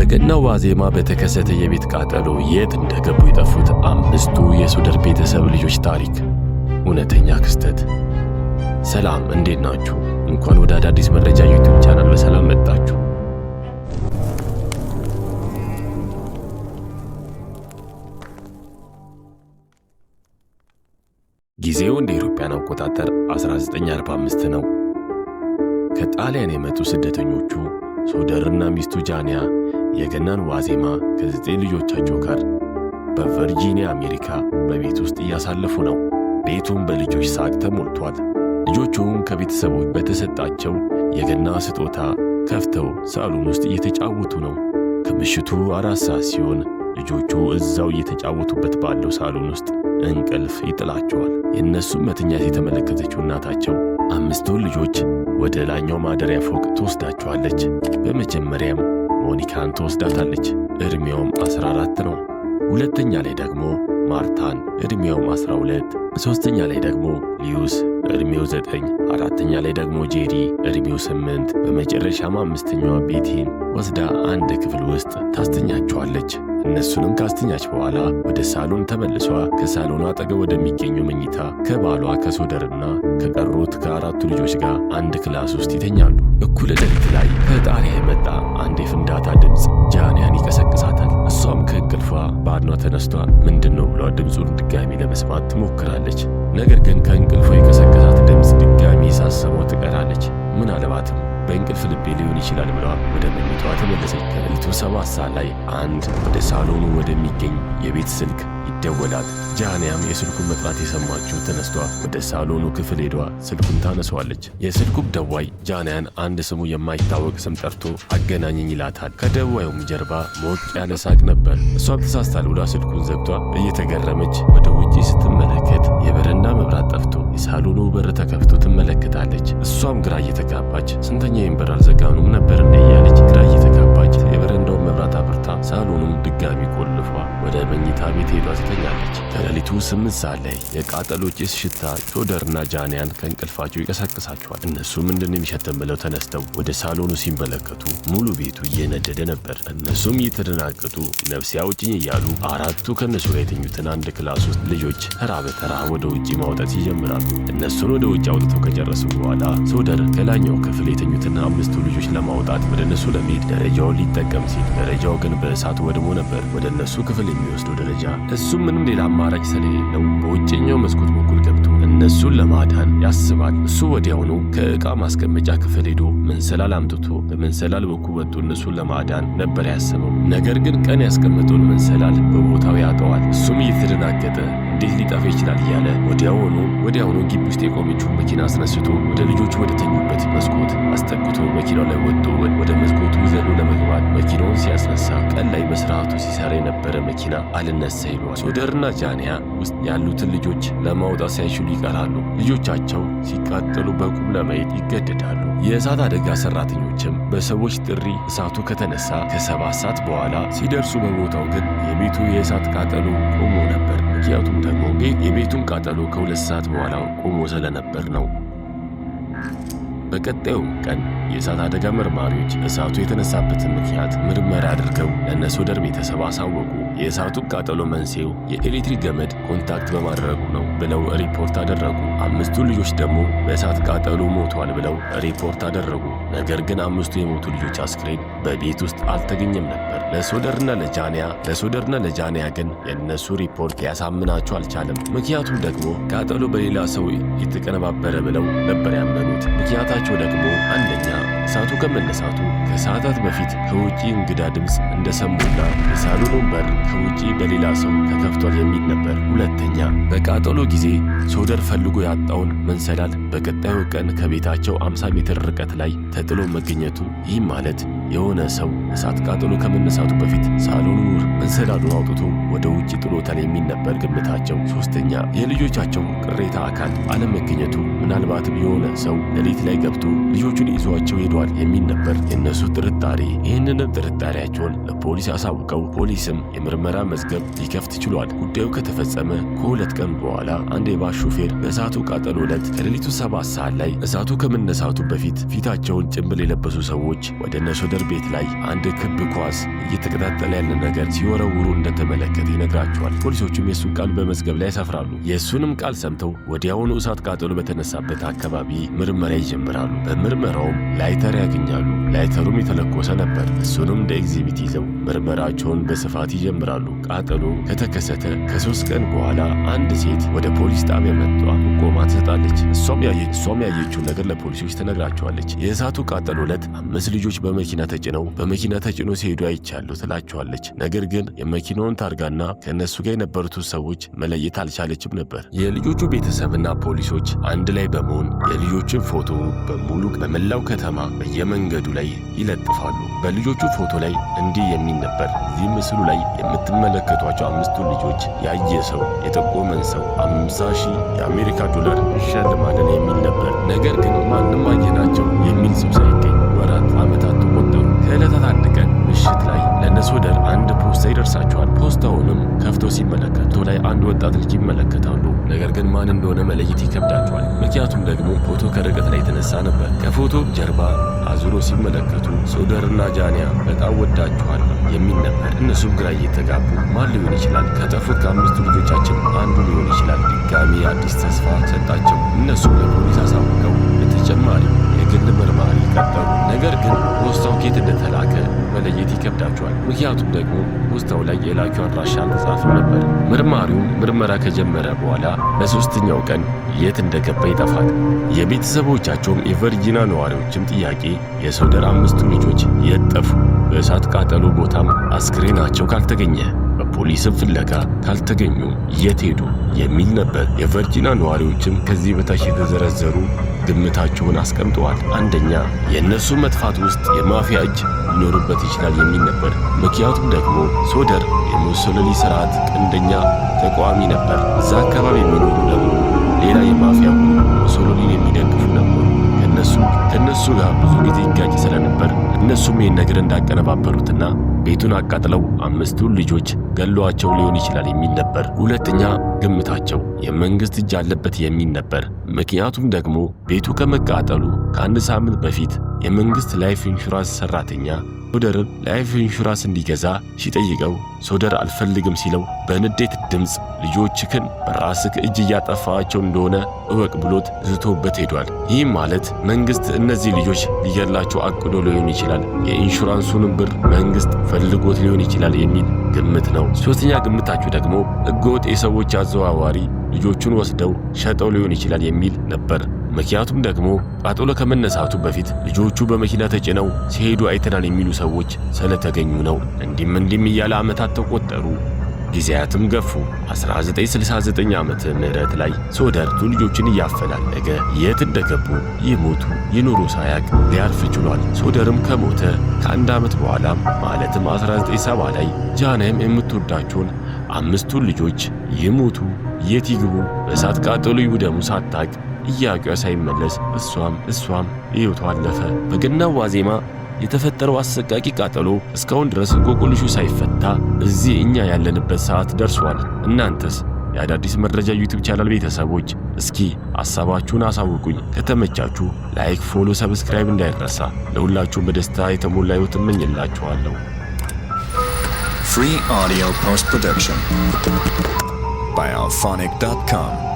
በገና ዋዜማ በተከሰተ የቤት ቃጠሎ የት እንደገቡ የጠፉት አምስቱ የሱደር ቤተሰብ ልጆች ታሪክ እውነተኛ ክስተት። ሰላም፣ እንዴት ናችሁ? እንኳን ወደ አዳዲስ መረጃ ዩቱብ ቻናል በሰላም መጣችሁ። ጊዜው እንደ ኢትዮጵያን አቆጣጠር 1945 ነው። ከጣሊያን የመጡ ስደተኞቹ ሶደርና ሚስቱ ጃንያ የገናን ዋዜማ ከዘጠኝ ልጆቻቸው ጋር በቨርጂኒያ አሜሪካ በቤት ውስጥ እያሳለፉ ነው። ቤቱም በልጆች ሳቅ ተሞልቷል። ልጆቹም ከቤተሰቦች በተሰጣቸው የገና ስጦታ ከፍተው ሳሎን ውስጥ እየተጫወቱ ነው። ከምሽቱ አራት ሰዓት ሲሆን ልጆቹ እዛው እየተጫወቱበት ባለው ሳሎን ውስጥ እንቅልፍ ይጥላቸዋል። የእነሱም መተኛት የተመለከተችው እናታቸው አምስቱን ልጆች ወደ ላይኛው ማደሪያ ፎቅ ትወስዳቸዋለች። በመጀመሪያም ሞኒካን ትወስዳታለች። ዕድሜውም 14 ነው። ሁለተኛ ላይ ደግሞ ማርታን ዕድሜውም 12፣ ሦስተኛ ላይ ደግሞ ሊዩስ ዕድሜው 9፣ አራተኛ ላይ ደግሞ ጄሪ ዕድሜው 8፣ በመጨረሻም አምስተኛዋ ቤቲን ወስዳ አንድ ክፍል ውስጥ ታስተኛቸዋለች። እነሱንም ካስተኛች በኋላ ወደ ሳሎን ተመልሷ ከሳሎኑ አጠገብ ወደሚገኘው መኝታ ከባሏ ከሶደርና ከቀሩት ከአራቱ ልጆች ጋር አንድ ክላስ ውስጥ ይተኛሉ። እኩለ ሌሊት ላይ ከጣሪያ የመጣ አንድ የፍንዳታ ድምፅ ጃንያን ይቀሰቅሳታል። እሷም ከእንቅልፏ ባድኗ ተነስቷ ምንድን ነው ብሏ ድምፁን ድጋሚ ለመስማት ትሞክራለች። ነገር ግን ከእንቅልፏ የቀሰቀሳት ድምፅ ድጋሚ ሳሰመው ትቀራለች። ምናልባትም በእንቅልፍ ልቤ ሊሆን ይችላል ብለ ወደ መኝቷ ተመለሰች። ከሌሊቱ ሰባት ሰዓት ላይ አንድ ወደ ሳሎኑ ወደሚገኝ የቤት ስልክ ይደወላል። ጃንያም የስልኩን መጥራት የሰማችው ተነስቷ ወደ ሳሎኑ ክፍል ሄዷ ስልኩን ታነሰዋለች። የስልኩም ደዋይ ጃንያን አንድ ስሙ የማይታወቅ ስም ጠርቶ አገናኘኝ ይላታል። ከደዋዩም ጀርባ ሞቅ ያለ ሳቅ ነበር። እሷም ተሳስታል ብላ ስልኩን ዘግቷ እየተገረመች ወደ ውጪ ስትመለከት የበረንዳ መብራት ጠፍቶ የሳሎኑ በር ተከፍቶ ትመለከታለች። እሷም ግራ እየተጋባች ስንተኛ ይንበር ዘጋኑም ነበር እንዴ ስምንት ሰዓት ላይ የቃጠሎ ጭስ ሽታ ቾደርና ጃንያን ከእንቅልፋቸው ይቀሳቅሳቸዋል። እነሱ ምንድን የሚሸተን ብለው ተነስተው ወደ ሳሎኑ ሲመለከቱ ሙሉ ቤቱ እየነደደ ነበር። እነሱም እየተደናገጡ ነፍሴ አውጭኝ እያሉ አራቱ ከእነሱ ላይ የተኙትን አንድ ክላስ ውስጥ ልጆች ተራ በተራ ወደ ውጭ ማውጣት ይጀምራሉ። እነሱን ወደ ውጭ አውጥተው ከጨረሱ በኋላ ሶደር ከላይኛው ክፍል የተኙትን አምስቱ ልጆች ለማውጣት ወደ እነሱ ለመሄድ ደረጃውን ሊጠቀም ሲል ደረጃው ግን በእሳት ወድሞ ነበር። ወደ እነሱ ክፍል የሚወስደው ደረጃ እሱም ምንም ሌላ አማራጭ ስለሌለው በውጭኛው መስኮት በኩል ገብቶ እነሱን ለማዳን ያስባል። እሱ ወዲያውኑ ከእቃ ማስቀመጫ ክፍል ሄዶ መንሰላል አምጥቶ በመንሰላል በኩል ወጥቶ እነሱን ለማዳን ነበር ያስበው ነገር ግን ቀን ያስቀመጠውን መንሰላል በቦታ ያጠዋል። እሱም እየተደናገጠ እንዴት ሊጠፋ ይችላል እያለ ወዲያውኑ ወዲያውኑ ግቢ ውስጥ የቆመችውን መኪና አስነስቶ ወደ ልጆቹ ወደ ተኙበት መስኮት አስጠግቶ መኪናው ላይ ወጥቶ ወደ መስኮቱ ዘሎ ለመግባት መኪናውን ሲያስነሳ ቀን ላይ በስርዓቱ ሲሰራ የነበረ መኪና አልነሳ ይሏል። ሶደርና ጃንያ ውስጥ ያሉትን ልጆች ለማውጣት ሳይችሉ ይቀራሉ። ልጆቻቸው ሲቃጠሉ በቁም ለማየት ይገደዳሉ። የእሳት አደጋ ሰራተኞችም በሰዎች ጥሪ እሳቱ ከተነሳ ከሰባት ሰዓት በኋላ ሲደርሱ በቦታው ግን የቤቱ የእሳት ቃጠሎ ቆሞ ነበር። ምክንያቱም ደግሞ የቤቱን ቃጠሎ ከሁለት ሰዓት በኋላ ቆሞ ስለነበር ነው። በቀጣዩም ቀን የእሳት አደጋ መርማሪዎች እሳቱ የተነሳበትን ምክንያት ምርመራ አድርገው ለእነ ሶደር ቤተሰብ አሳወቁ። የእሳቱ ቃጠሎ መንስኤው የኤሌክትሪክ ገመድ ኮንታክት በማድረጉ ነው ብለው ሪፖርት አደረጉ። አምስቱ ልጆች ደግሞ በእሳት ቃጠሎ ሞቷል ብለው ሪፖርት አደረጉ። ነገር ግን አምስቱ የሞቱ ልጆች አስክሬን በቤት ውስጥ አልተገኘም ነበር። ለሶደርና ለጃንያ ለሶደርና ለጃንያ ግን የእነሱ ሪፖርት ሊያሳምናቸው አልቻለም። ምክንያቱም ደግሞ ቃጠሎ በሌላ ሰው የተቀነባበረ ብለው ነበር ያመኑት። ምክንያታቸው ደግሞ አንደኛ እሳቱ ከመነሳቱ ከሰዓታት በፊት ከውጪ እንግዳ ድምፅ እንደሰሙና የሳሎኑን በር ከውጪ በሌላ ሰው ተከፍቷል የሚል ነበር። ሁለተኛ በቃጠሎ ጊዜ ሶደር ፈልጎ ያጣውን መንሰላል በቀጣዩ ቀን ከቤታቸው 50 ሜትር ርቀት ላይ ተጥሎ መገኘቱ፣ ይህም ማለት የሆነ ሰው እሳት ቃጠሎ ከመነሳቱ በፊት ሳሎኑ መንሰላሉን አውጥቶ ወደ ውጭ ጥሎታል የሚል ነበር ግምታቸው። ሶስተኛ የልጆቻቸው ቅሬታ አካል አለመገኘቱ፣ ምናልባትም የሆነ ሰው ሌሊት ላይ ገብቶ ልጆቹን ይዟቸው ሄዷል ተገድሏል የሚል ነበር የእነሱ ጥርጣሬ። ይህንንም ጥርጣሬያቸውን ለፖሊስ አሳውቀው ፖሊስም የምርመራ መዝገብ ሊከፍት ችሏል። ጉዳዩ ከተፈጸመ ከሁለት ቀን በኋላ አንድ የባስ ሾፌር በእሳቱ ቃጠሎ ዕለት ከሌሊቱ ሰባት ሰዓት ላይ እሳቱ ከመነሳቱ በፊት ፊታቸውን ጭንብል የለበሱ ሰዎች ወደ እነ ቤት ላይ አንድ ክብ ኳስ እየተቀጣጠለ ያለ ነገር ሲወረውሩ እንደተመለከተ ይነግራቸዋል። ፖሊሶቹም የእሱን ቃል በመዝገብ ላይ ያሰፍራሉ። የእሱንም ቃል ሰምተው ወዲያውኑ እሳት ቃጠሎ በተነሳበት አካባቢ ምርመራ ይጀምራሉ። በምርመራውም ላይተ ላይተር ያገኛሉ። ላይተሩም የተለኮሰ ነበር። እሱንም እንደ ኤግዚቢት ይዘው ምርመራቸውን በስፋት ይጀምራሉ። ቃጠሎ ከተከሰተ ከሶስት ቀን በኋላ አንድ ሴት ወደ ፖሊስ ጣቢያ መጥቷ ጥቆማ ትሰጣለች። እሷም ያየችውን ነገር ለፖሊሶች ትነግራቸዋለች። የእሳቱ ቃጠሎ ዕለት አምስት ልጆች በመኪና ተጭነው በመኪና ተጭኖ ሲሄዱ አይቻለሁ ትላቸዋለች። ነገር ግን የመኪናውን ታርጋና ከእነሱ ጋር የነበሩት ሰዎች መለየት አልቻለችም ነበር። የልጆቹ ቤተሰብና ፖሊሶች አንድ ላይ በመሆን የልጆችን ፎቶ በሙሉ በመላው ከተማ በየመንገዱ ላይ ይለጥፋሉ። በልጆቹ ፎቶ ላይ እንዲህ የሚል ነበር። እዚህ ምስሉ ላይ የምትመለከቷቸው አምስቱ ልጆች ያየ ሰው የጠቆመን ሰው አምሳ ሺህ የአሜሪካ ዶላር እንሸልማለን የሚል ነበር። ነገር ግን ማንም አየናቸው የሚል ሰው ሳይገኝ ወራት ዓመታት ተቆጠሩ። ከዕለታት አንድ በሶደር አንድ ፖስታ ይደርሳቸዋል። ፖስታውንም ከፍተው ሲመለከቱ ላይ አንድ ወጣት ልጅ ይመለከታሉ። ነገር ግን ማን እንደሆነ መለየት ይከብዳቸዋል። ምክንያቱም ደግሞ ፎቶ ከርቀት ላይ የተነሳ ነበር። ከፎቶ ጀርባ አዙሮ ሲመለከቱ ሶደርና ጃንያ በጣም ወዳችኋል የሚል ነበር። እነሱም ግራ እየተጋቡ ማን ሊሆን ይችላል? ከጠፉት ከአምስቱ ልጆቻችን አንዱ ሊሆን ይችላል። ድጋሚ አዲስ ተስፋ ሰጣቸው። እነሱም ነገር ግን ፖስታው ኬት እንደተላከ መለየት ይከብዳቸዋል። ምክንያቱም ደግሞ ፖስታው ላይ የላኪው አድራሻ አልተጻፈም ነበር። መርማሪውም ምርመራ ከጀመረ በኋላ በሦስተኛው ቀን የት እንደገባ ይጠፋል። የቤተሰቦቻቸውም የቨርጂና ነዋሪዎችም ጥያቄ የሶደር አምስቱ ልጆች የት ጠፉ? በእሳት ቃጠሎ ቦታም አስክሬናቸው ካልተገኘ በፖሊስም ፍለጋ ካልተገኙ የት ሄዱ የሚል ነበር። የቨርጂና ነዋሪዎችም ከዚህ በታች የተዘረዘሩ ግምታችሁን አስቀምጠዋል። አንደኛ የእነሱ መጥፋት ውስጥ የማፊያ እጅ ሊኖርበት ይችላል የሚል ነበር። ምክንያቱም ደግሞ ሶደር የሙሶሎኒ ስርዓት ቀንደኛ ተቃዋሚ ነበር። እዛ አካባቢ የሚኖሩ ደግሞ ሌላ የማፊያ ሙሶሎኒን የሚደግፉ ነበሩ። ከነሱ ከነሱ ጋር ብዙ ጊዜ ይጋጭ ስለነበር እነሱም ይህን ነገር እንዳቀነባበሩትና ቤቱን አቃጥለው አምስቱን ልጆች ገሏቸው ሊሆን ይችላል የሚል ነበር። ሁለተኛ ግምታቸው የመንግስት እጅ አለበት የሚል ነበር። ምክንያቱም ደግሞ ቤቱ ከመቃጠሉ ከአንድ ሳምንት በፊት የመንግስት ላይፍ ኢንሹራንስ ሰራተኛ ሶደርን ላይፍ ኢንሹራንስ እንዲገዛ ሲጠይቀው ሶደር አልፈልግም ሲለው በንዴት ድምፅ ልጆችክን በራስክ እጅ እያጠፋቸው እንደሆነ እወቅ ብሎት ዝቶበት ሄዷል። ይህም ማለት መንግስት እነዚህ ልጆች ሊገላቸው አቅዶ ሊሆን ይችላል፣ የኢንሹራንሱንም ብር መንግስት ፈልጎት ሊሆን ይችላል የሚል ግምት ነው። ሶስተኛ ግምታችሁ ደግሞ ህገወጥ የሰዎች አዘዋዋሪ ልጆቹን ወስደው ሸጠው ሊሆን ይችላል የሚል ነበር። ምክንያቱም ደግሞ ቃጠሎ ከመነሳቱ በፊት ልጆቹ በመኪና ተጭነው ሲሄዱ አይተናል የሚሉ ሰዎች ስለተገኙ ነው። እንዲም እንዲም እያለ ዓመታት ተቆጠሩ፣ ጊዜያትም ገፉ። 1969 ዓመተ ምህረት ላይ ሶደርቱ ልጆችን እያፈላለገ የት እንደገቡ ይሞቱ ይኑሩ ሳያቅ ሊያርፍ ችሏል። ሶደርም ከሞተ ከአንድ ዓመት በኋላ ማለትም 1970 ላይ ጃንህም የምትወዳቸውን አምስቱን ልጆች ይሞቱ የት ይግቡ በእሳት ቃጠሎ ይውደሙ ሳታቅ ጥያቄዋ ሳይመለስ እሷም እሷም ሕይወቷ አለፈ። በገናው ዋዜማ የተፈጠረው አሰቃቂ ቃጠሎ እስካሁን ድረስ እንቆቅልሹ ሳይፈታ እዚህ እኛ ያለንበት ሰዓት ደርሷል። እናንተስ የአዳዲስ መረጃ ዩቲዩብ ቻናል ቤተሰቦች እስኪ ሐሳባችሁን አሳውቁኝ። ከተመቻችሁ ላይክ፣ ፎሎ፣ ሰብስክራይብ እንዳይረሳ። ለሁላችሁም በደስታ የተሞላ ሕይወት እመኝላችኋለሁ። ፖስት ፕሮዳክሽን ባይ አልፎኒክ ዶት ኮም